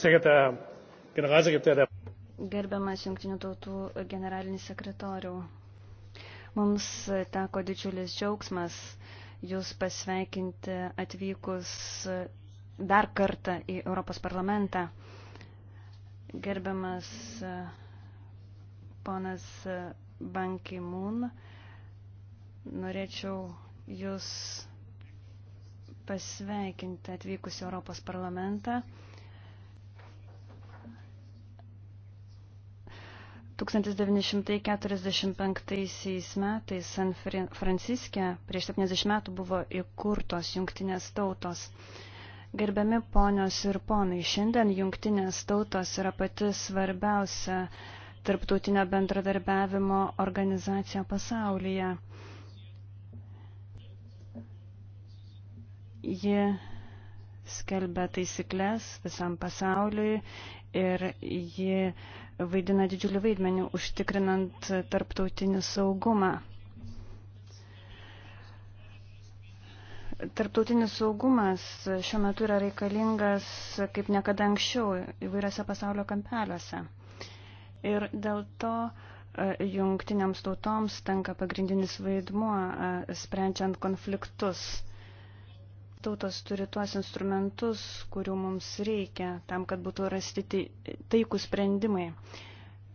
Sehr geehrter Herr Generalsekretär der Gerbiamas Junktinių tautų generalinis sekretoriau, mums teko didžiulis džiaugsmas Jūs pasveikinti atvykus dar kartą į Europos parlamentą. Gerbiamas ponas Bankimun, norėčiau Jūs pasveikinti atvykus į Europos parlamentą. 1945 metais San Franciske prieš 70 metų buvo įkurtos jungtinės tautos. Gerbiami ponios ir ponai, šiandien jungtinės tautos yra pati svarbiausia tarptautinio bendradarbiavimo organizacija pasaulyje. Ji skelbia taisyklės visam pasauliui ir ji uh, vaidina didžiulį vaidmenį užtikrinant tarptautinį saugumą. Tarptautinis saugumas šiuo metu yra reikalingas kaip niekada anksčiau įvairiose pasaulio kampeliuose. Ir dėl to e, jungtiniams tautoms tenka pagrindinis vaidmuo e, sprendžiant konfliktus. Tautos turi tuos instrumentus, kurių mums reikia tam, kad būtų rasti tai, taikų sprendimai.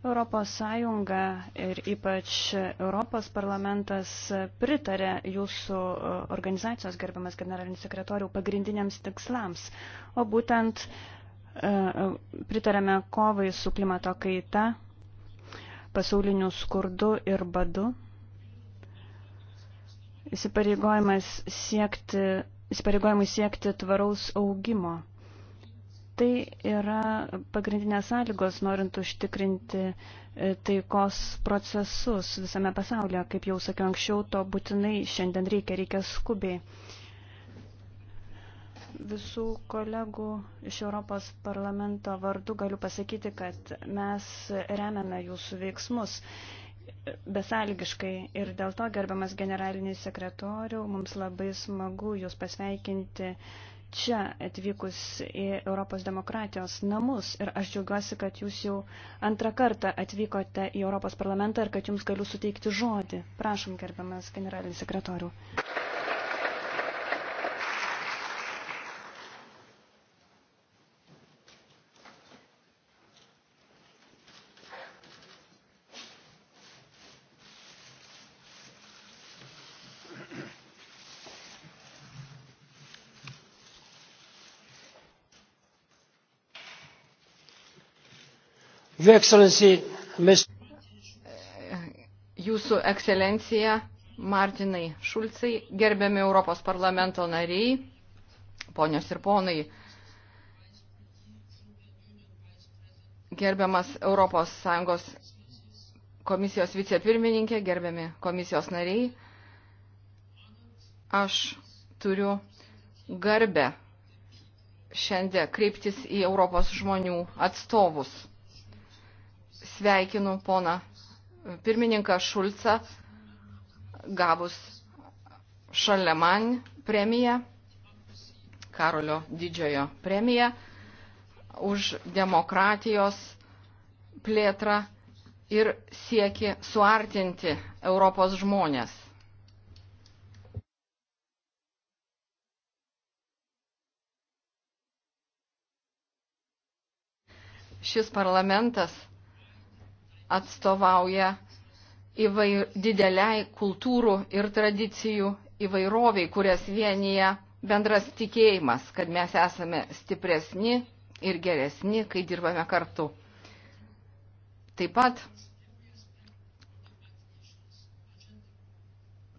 Europos Sąjunga ir ypač Europos parlamentas pritarė jūsų e, organizacijos gerbiamas generalinis sekretorių pagrindiniams tikslams, o būtent e, pritarėme kovai su klimato kaita, pasauliniu skurdu ir badu. Įsipareigojimas siekti įsipareigojimui siekti tvaraus augimo. Tai yra pagrindinės sąlygos, norint užtikrinti e, taikos procesus visame pasaulyje. Kaip jau sakiau anksčiau, to būtinai šiandien reikia, reikia skubiai. Visų kolegų iš Europos parlamento vardu galiu pasakyti, kad mes remiame jūsų veiksmus besalgiškai ir dėl to, gerbiamas generalinis sekretorių, mums labai smagu Jūs pasveikinti čia atvykus į Europos demokratijos namus ir aš džiaugiuosi, kad Jūs jau antrą kartą atvykote į Europos parlamentą ir kad Jums galiu suteikti žodį. Prašom, gerbiamas generalinis sekretorių. Your Excellency, Mr. Jūsų ekscelencija Martinai Šulcai, gerbiami Europos parlamento nariai, ponios ir ponai, gerbiamas ES komisijos vicepirmininkė, gerbiami komisijos nariai, aš turiu garbę šiandien kreiptis į Europos žmonių atstovus. Sveikinu poną pirmininką Šulcą gavus Šaleman premiją, Karolio didžiojo premiją už demokratijos plėtrą ir sieki suartinti Europos žmonės. Šis parlamentas atstovauja įvair, dideliai kultūrų ir tradicijų įvairoviai, kurias vienyje bendras tikėjimas, kad mes esame stipresni ir geresni, kai dirbame kartu. Taip pat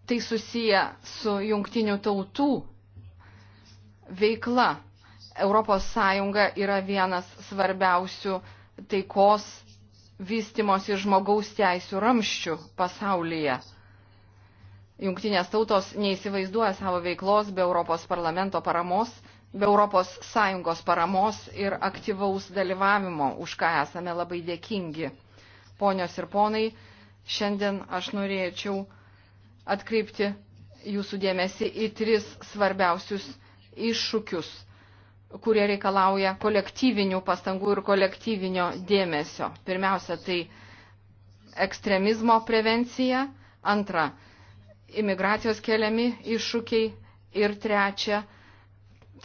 tai susiję su jungtinių tautų veikla. Europos Sąjunga yra vienas svarbiausių taikos vystimosi žmogaus teisų ramščių pasaulyje. Jungtinės tautos neįsivaizduoja savo veiklos be Europos parlamento paramos, be Europos Sąjungos paramos ir aktyvaus dalyvavimo, už ką esame labai dėkingi. Ponios ir ponai, šiandien aš norėčiau atkreipti jūsų dėmesį į tris svarbiausius iššūkius kurie reikalauja kolektyvinių pastangų ir kolektyvinio dėmesio. Pirmiausia, tai ekstremizmo prevencija, antra, imigracijos keliami iššūkiai ir trečia,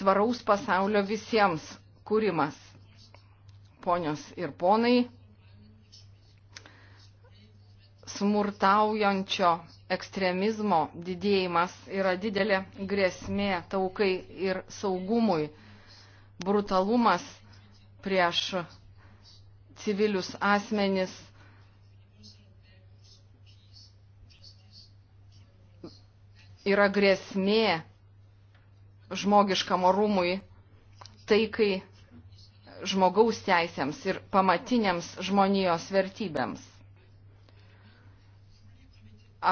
tvaraus pasaulio visiems kūrimas. Ponios ir ponai, smurtaujančio ekstremizmo didėjimas yra didelė grėsmė taukai ir saugumui brutalumas prieš civilius asmenis yra grėsmė žmogiškam orumui, taikai žmogaus teisėms ir pamatiniams žmonijos vertybėms.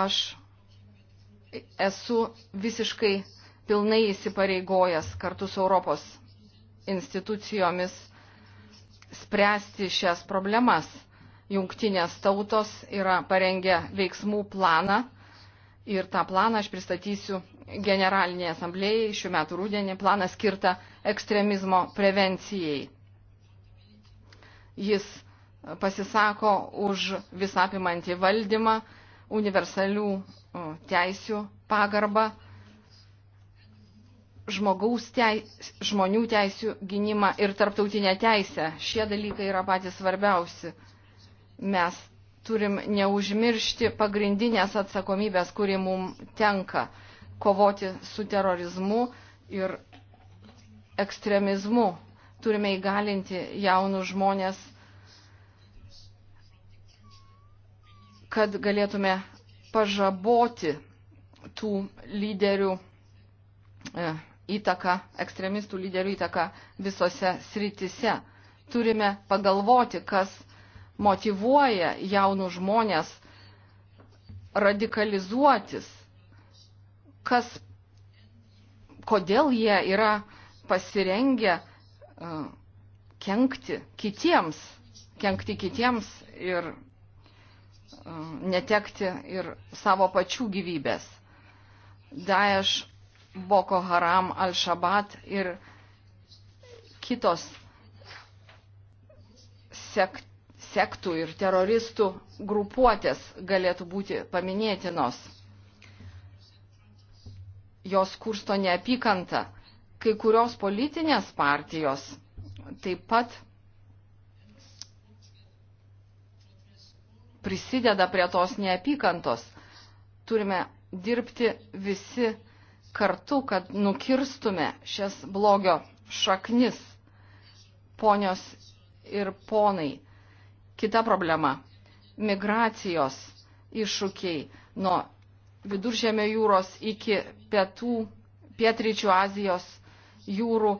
Aš esu visiškai pilnai įsipareigojęs kartu su Europos institucijomis spręsti šias problemas. Jungtinės tautos yra parengę veiksmų planą ir tą planą aš pristatysiu Generalinėje asamblėjai šių metų rūdienį, planą skirtą ekstremizmo prevencijai. Jis pasisako už visapimantį valdymą, universalių uh, teisių pagarbą žmogaus teis, žmonių teisių gynimą ir tarptautinę teisę. Šie dalykai yra patys svarbiausi. Mes turim neužmiršti pagrindinės atsakomybės, kuri mums tenka kovoti su terorizmu ir ekstremizmu. Turime įgalinti jaunus žmonės, kad galėtume pažaboti tų lyderių. E, įtaka, ekstremistų lyderių įtaka visose sritise. Turime pagalvoti, kas motivuoja jaunų žmonės radikalizuotis, kas, kodėl jie yra pasirengę uh, kenkti kitiems, kenkti kitiems ir uh, netekti ir savo pačių gyvybės. Daesh Boko Haram, Al-Shabaat ir kitos sekt, sektų ir teroristų grupuotės galėtų būti paminėtinos. Jos kursto neapykantą. Kai kurios politinės partijos taip pat prisideda prie tos neapykantos. Turime dirbti visi kartu, kad nukirstume šias blogio šaknis, ponios ir ponai. Kita problema - migracijos iššūkiai nuo viduržėmio jūros iki pietų, pietryčių Azijos jūrų.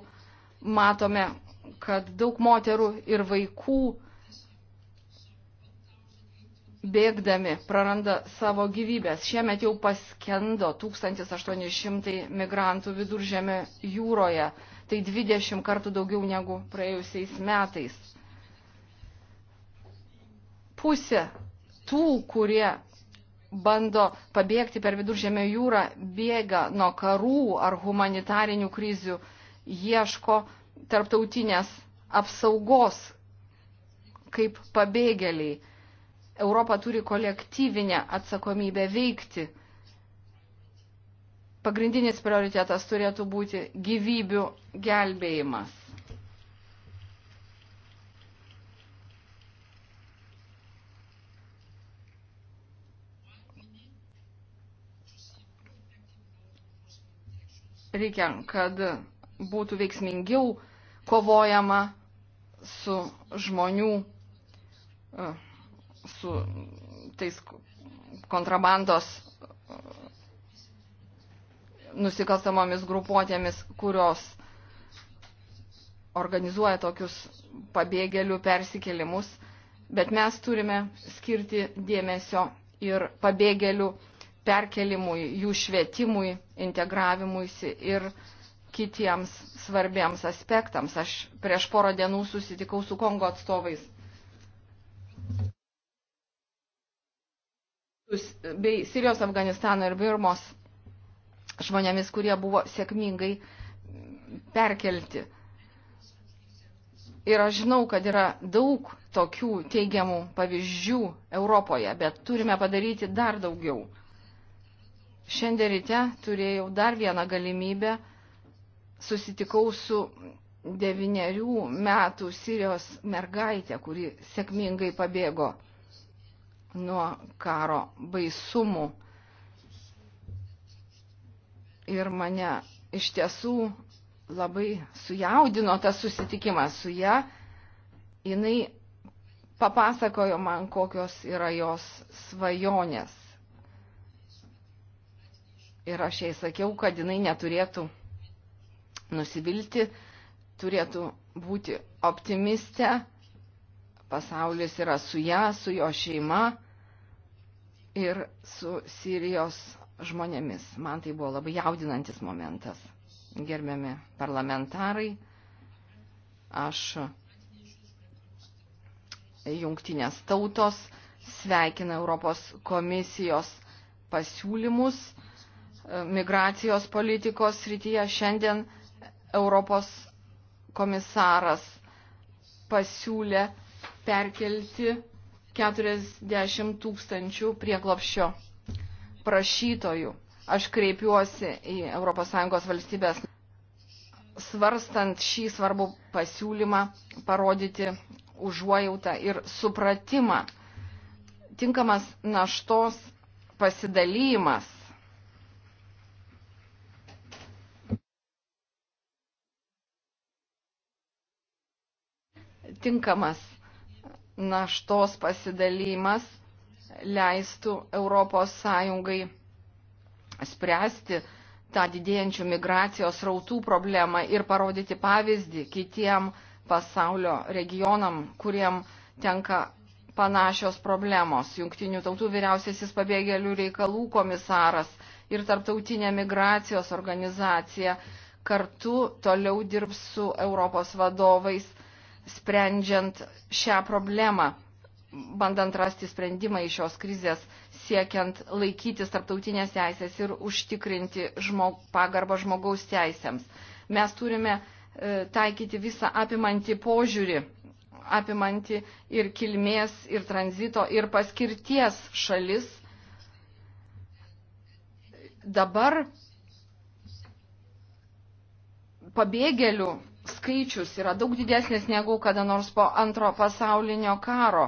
Matome, kad daug moterų ir vaikų bėgdami praranda savo gyvybės. Šiemet jau paskendo 1800 migrantų viduržėme jūroje. Tai 20 kartų daugiau negu praėjusiais metais. Pusė tų, kurie bando pabėgti per viduržėmę jūrą, bėga nuo karų ar humanitarinių krizių, ieško tarptautinės apsaugos kaip pabėgėliai. Europa turi kolektyvinę atsakomybę veikti. Pagrindinis prioritetas turėtų būti gyvybių gelbėjimas. Reikia, kad būtų veiksmingiau kovojama su žmonių uh, su tais kontrabandos nusikalstamomis grupuotėmis, kurios organizuoja tokius pabėgėlių persikėlimus, bet mes turime skirti dėmesio ir pabėgėlių perkelimui, jų švietimui, integravimuisi ir kitiems svarbiems aspektams. Aš prieš porą dienų susitikau su Kongo atstovais bei Sirijos, Afganistano ir Birmos žmonėmis, kurie buvo sėkmingai perkelti. Ir aš žinau, kad yra daug tokių teigiamų pavyzdžių Europoje, bet turime padaryti dar daugiau. Šiandien ryte turėjau dar vieną galimybę, susitikau su devyniarių metų Sirijos mergaitė, kuri sėkmingai pabėgo nuo karo baisumų. Ir mane iš tiesų labai sujaudino tas susitikimas su ją. Jinai papasakojo man, kokios yra jos svajonės. Ir aš jai sakiau, kad jinai neturėtų nusivilti, turėtų būti optimistė pasaulis yra su ją, su jo šeima ir su Sirijos žmonėmis. Man tai buvo labai jaudinantis momentas. Gerbiami parlamentarai, aš jungtinės tautos sveikina Europos komisijos pasiūlymus e, migracijos politikos srityje. Šiandien Europos komisaras pasiūlė perkelti 40 tūkstančių prieglopščio prašytojų. Aš kreipiuosi į ES valstybės svarstant šį svarbų pasiūlymą parodyti užuojautą ir supratimą. Tinkamas naštos pasidalymas tinkamas naštos pasidalymas leistų ES spręsti tą didėjančių migracijos rautų problemą ir parodyti pavyzdį kitiem pasaulio regionam, kuriem tenka panašios problemos. Junktinių tautų vyriausiasis pabėgėlių reikalų komisaras ir Tarptautinė migracijos organizacija kartu toliau dirbs su Europos vadovais sprendžiant šią problemą, bandant rasti sprendimą iš šios krizės, siekiant laikytis tarptautinės teisės ir užtikrinti žmog, pagarbą žmogaus teisėms. Mes turime e, taikyti visą apimantį požiūrį, apimantį ir kilmės, ir tranzito, ir paskirties šalis. Dabar pabėgėlių skaičius yra daug didesnis negu kada nors po antro pasaulinio karo.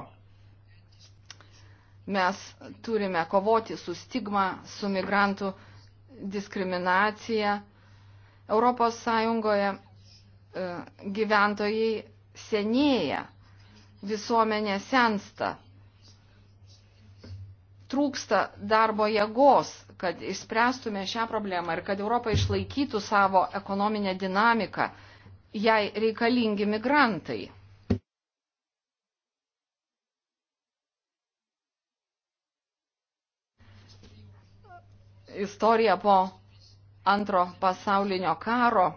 Mes turime kovoti su stigma, su migrantų diskriminacija. Europos Sąjungoje e, gyventojai senėja, visuomenė sensta, trūksta darbo jėgos, kad išspręstume šią problemą ir kad Europa išlaikytų savo ekonominę dinamiką jai reikalingi migrantai. Istorija po antro pasaulinio karo,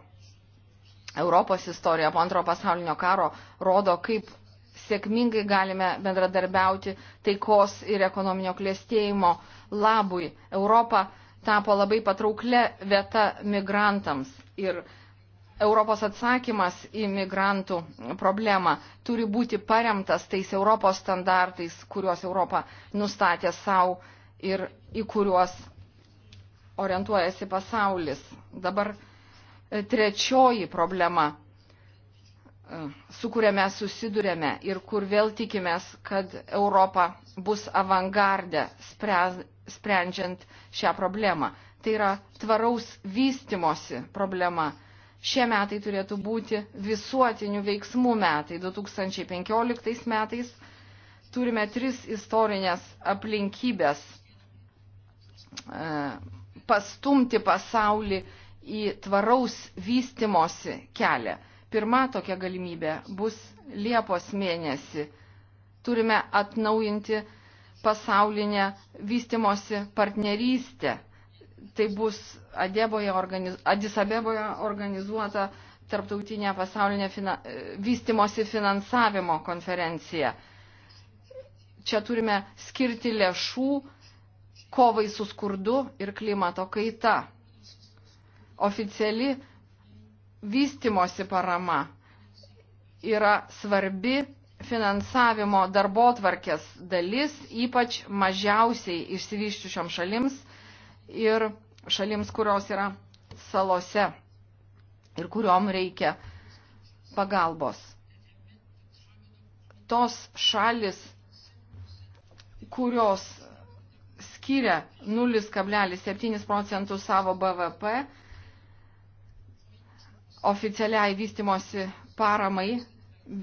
Europos istorija po antro pasaulinio karo rodo, kaip sėkmingai galime bendradarbiauti taikos ir ekonominio klėstėjimo labui. Europa tapo labai patrauklė vieta migrantams ir migrantams Europos atsakymas į migrantų problemą turi būti paremtas tais Europos standartais, kuriuos Europa nustatė savo ir į kuriuos orientuojasi pasaulis. Dabar e, trečioji problema, e, su kuria mes susidurėme ir kur vėl tikimės, kad Europa bus avangardė sprendžiant šią problemą. Tai yra tvaraus vystimosi problema šie metai turėtų būti visuotinių veiksmų metai. 2015 metais turime tris istorinės aplinkybės e, pastumti pasaulį į tvaraus vystimosi kelią. Pirma tokia galimybė bus Liepos mėnesį. Turime atnaujinti pasaulinę vystimosi partnerystę tai bus Adeboje organiz, Adisabeboje organizuota tarptautinė pasaulinė fina, vystimosi finansavimo konferencija. Čia turime skirti lėšų kovai su skurdu ir klimato kaita. Oficiali vystimosi parama yra svarbi finansavimo darbo tvarkės dalis, ypač mažiausiai išsivyščiušiom šalims ir šalims, kurios yra salose ir kuriuom reikia pagalbos. Tos šalis, kurios skiria 0,7 procentų savo BVP oficialiai vystimosi paramai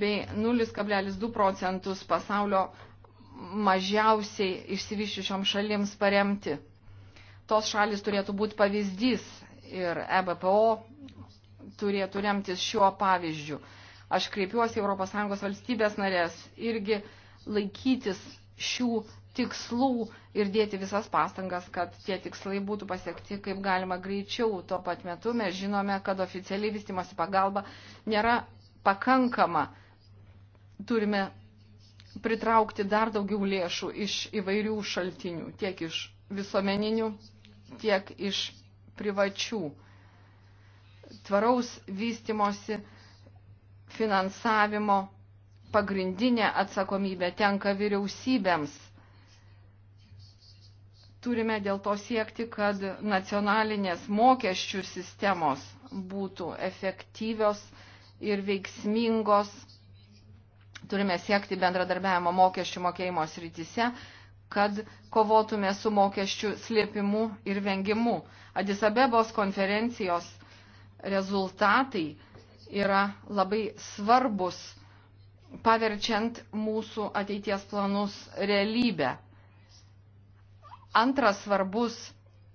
bei 0,2 procentus pasaulio mažiausiai išsivyščiušiom šalims paremti tos šalis turėtų būti pavyzdys ir EBPO turėtų remtis šiuo pavyzdžiu. Aš kreipiuosi ES valstybės narės irgi laikytis šių tikslų ir dėti visas pastangas, kad tie tikslai būtų pasiekti kaip galima greičiau. Tuo pat metu mes žinome, kad oficialiai vystimosi pagalba nėra pakankama. Turime pritraukti dar daugiau lėšų iš įvairių šaltinių, tiek iš visuomeninių tiek iš privačių. Tvaraus vystimosi finansavimo pagrindinė atsakomybė tenka vyriausybėms. Turime dėl to siekti, kad nacionalinės mokesčių sistemos būtų efektyvios ir veiksmingos. Turime siekti bendradarbiavimo mokesčių mokėjimo srityse, kad kovotume su mokesčių slėpimu ir vengimu. Adisabebos konferencijos rezultatai yra labai svarbus, paverčiant mūsų ateities planus realybę. Antras svarbus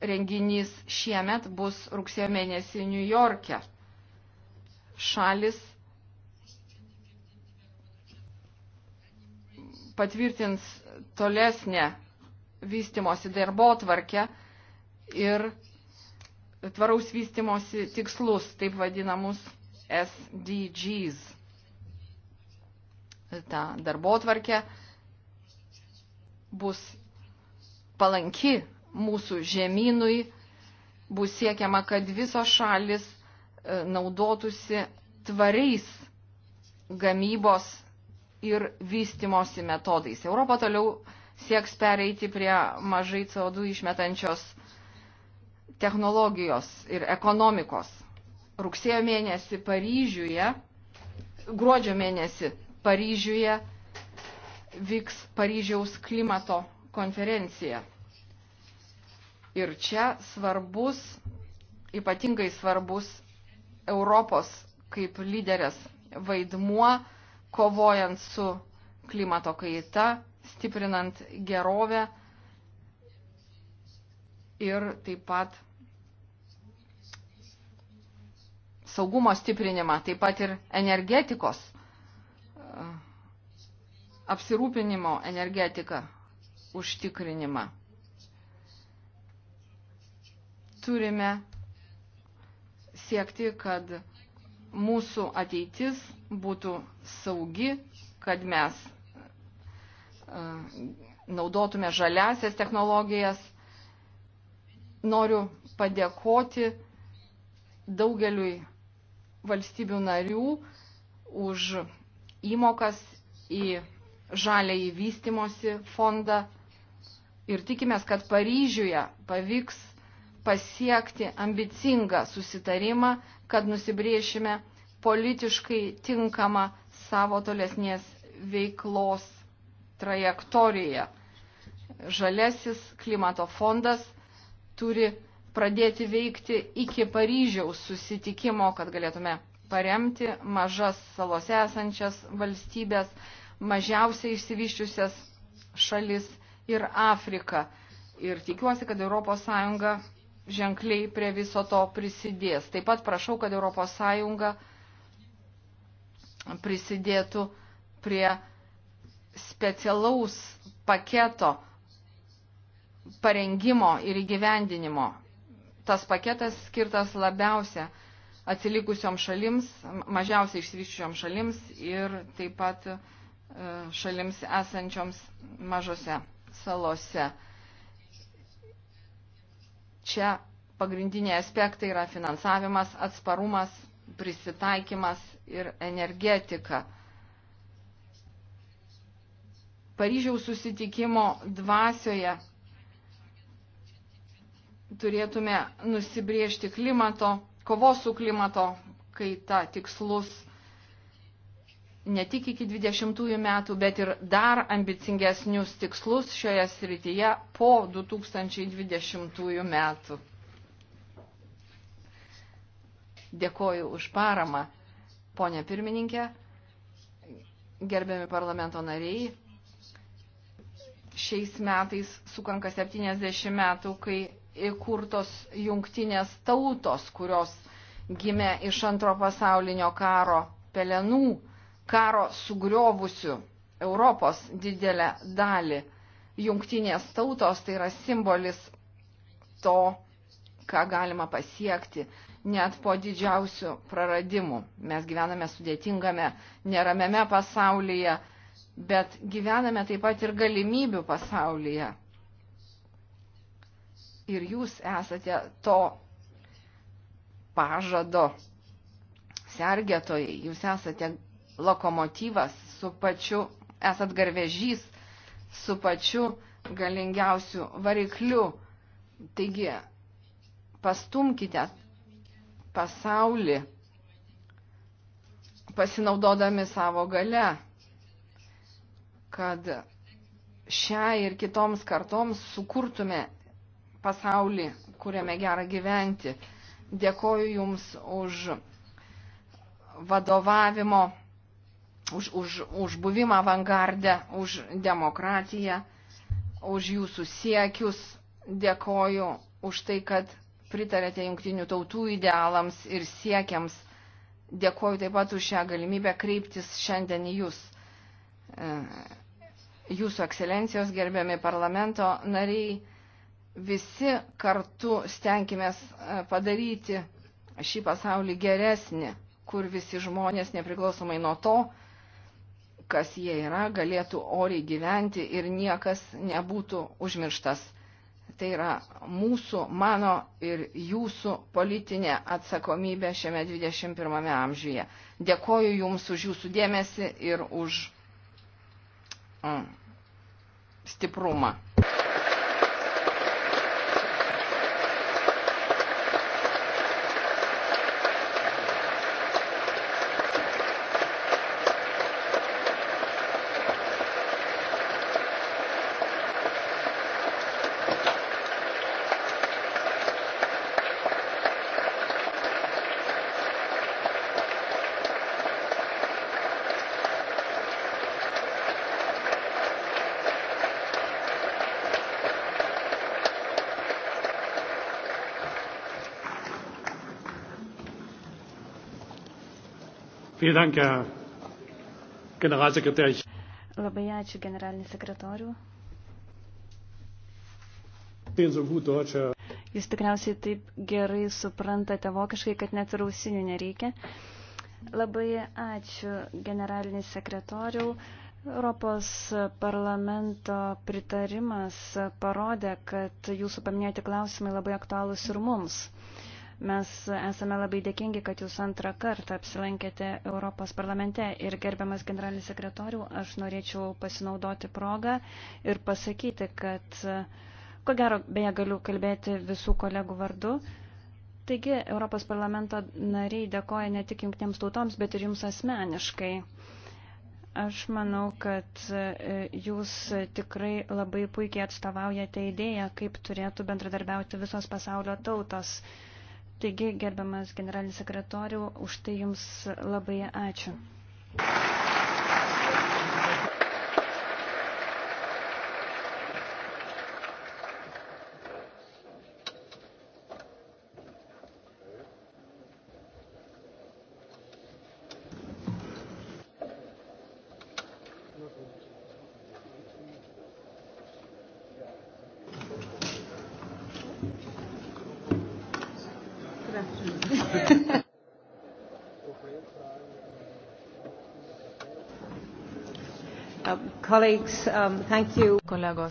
renginys šiemet bus rugsėjo mėnesį Niujorke. Šalis patvirtins tolesnę vystimosi darbo tvarkę ir tvaraus vystimosi tikslus, taip vadinamus SDGs. Ta darbo tvarkė bus palanki mūsų žemynui, bus siekiama, kad visos šalis e, naudotųsi tvariais gamybos ir vystimosi metodais. Europa toliau sieks pereiti prie mažai CO2 išmetančios technologijos ir ekonomikos. Rugsėjo mėnesį Paryžiuje, gruodžio mėnesį Paryžiuje vyks Paryžiaus klimato konferencija. Ir čia svarbus, ypatingai svarbus Europos kaip lyderės vaidmuo kovojant su klimato kaita, stiprinant gerovę ir taip pat saugumo stiprinimą, taip pat ir energetikos e, apsirūpinimo energetiką užtikrinimą. Turime siekti, kad mūsų ateitis būtų saugi, kad mes e, naudotume žaliasias technologijas. Noriu padėkoti daugeliui valstybių narių už įmokas į žaliai vystimosi fondą ir tikimės, kad Paryžiuje pavyks pasiekti ambicingą susitarimą kad nusibriešime politiškai tinkamą savo tolesnės veiklos trajektoriją. Žalesis klimato fondas turi pradėti veikti iki Paryžiaus susitikimo, kad galėtume paremti mažas salose esančias valstybės, mažiausiai išsivyščiusias šalis ir Afriką. Ir tikiuosi, kad ES ženkliai prie viso to prisidės. Taip pat prašau, kad ES prisidėtų prie specialaus paketo parengimo ir įgyvendinimo. Tas paketas skirtas labiausia atsilikusiom šalims, mažiausiai išsivyščiom šalims ir taip pat e, šalims esančioms mažose salose. Čia pagrindiniai aspektai yra finansavimas, atsparumas, prisitaikymas ir energetika. Paryžiaus susitikimo dvasioje turėtume nusibriežti klimato, kovos su klimato kaita tikslus ne tik iki 20 metų, bet ir dar ambicingesnius tikslus šioje srityje po 2020 metų. Dėkoju už paramą, ponė pirmininkė, gerbiami parlamento nariai. Šiais metais sukanka 70 metų, kai įkurtos jungtinės tautos, kurios gimė iš antro pasaulinio karo pelenų karo sugriovusių Europos didelę dalį. Jungtinės tautos tai yra simbolis to, ką galima pasiekti net po didžiausių praradimų. Mes gyvename sudėtingame, neramiame pasaulyje, bet gyvename taip pat ir galimybių pasaulyje. Ir jūs esate to pažado sergėtojai, jūs esate lokomotyvas, su pačiu, esat garvežys, su pačiu galingiausiu varikliu. Taigi, pastumkite pasaulį, pasinaudodami savo gale, kad šią ir kitoms kartoms sukurtume pasaulį, kuriame gera gyventi. Dėkoju Jums už vadovavimo už, už, už buvimą avangardę, už demokratiją, už jūsų siekius. Dėkoju už tai, kad pritarėte jungtinių tautų idealams ir siekiams. Dėkoju taip pat už šią galimybę kreiptis šiandien į jūs. E, jūsų ekscelencijos gerbiami parlamento nariai, visi kartu stenkimės e, padaryti šį pasaulį geresnį, kur visi žmonės, nepriklausomai nuo to, kas jie yra, galėtų oriai gyventi ir niekas nebūtų užmirštas. Tai yra mūsų, mano ir jūsų politinė atsakomybė šiame 21 amžiuje. Dėkoju Jums už Jūsų dėmesį ir už mm, stiprumą. Labai ačiū generalinį sekretorių. Jūs tikriausiai taip gerai suprantate vokiškai, kad net ir ausinių nereikia. Labai ačiū generalinį sekretorių. Europos parlamento pritarimas parodė, kad jūsų paminėti klausimai labai aktualūs ir mums. Mes esame labai dėkingi, kad jūs antrą kartą apsilankėte Europos parlamente ir gerbiamas generalinis sekretorių, aš norėčiau pasinaudoti progą ir pasakyti, kad, ko gero, beje, galiu kalbėti visų kolegų vardu. Taigi, Europos parlamento nariai dėkoja ne tik jungtinėms tautoms, bet ir jums asmeniškai. Aš manau, kad e, jūs tikrai labai puikiai atstovaujate idėją, kaip turėtų bendradarbiauti visos pasaulio tautos. Taigi, gerbiamas generalinis sekretoriau, už tai Jums labai ačiū. Um, Kolegos,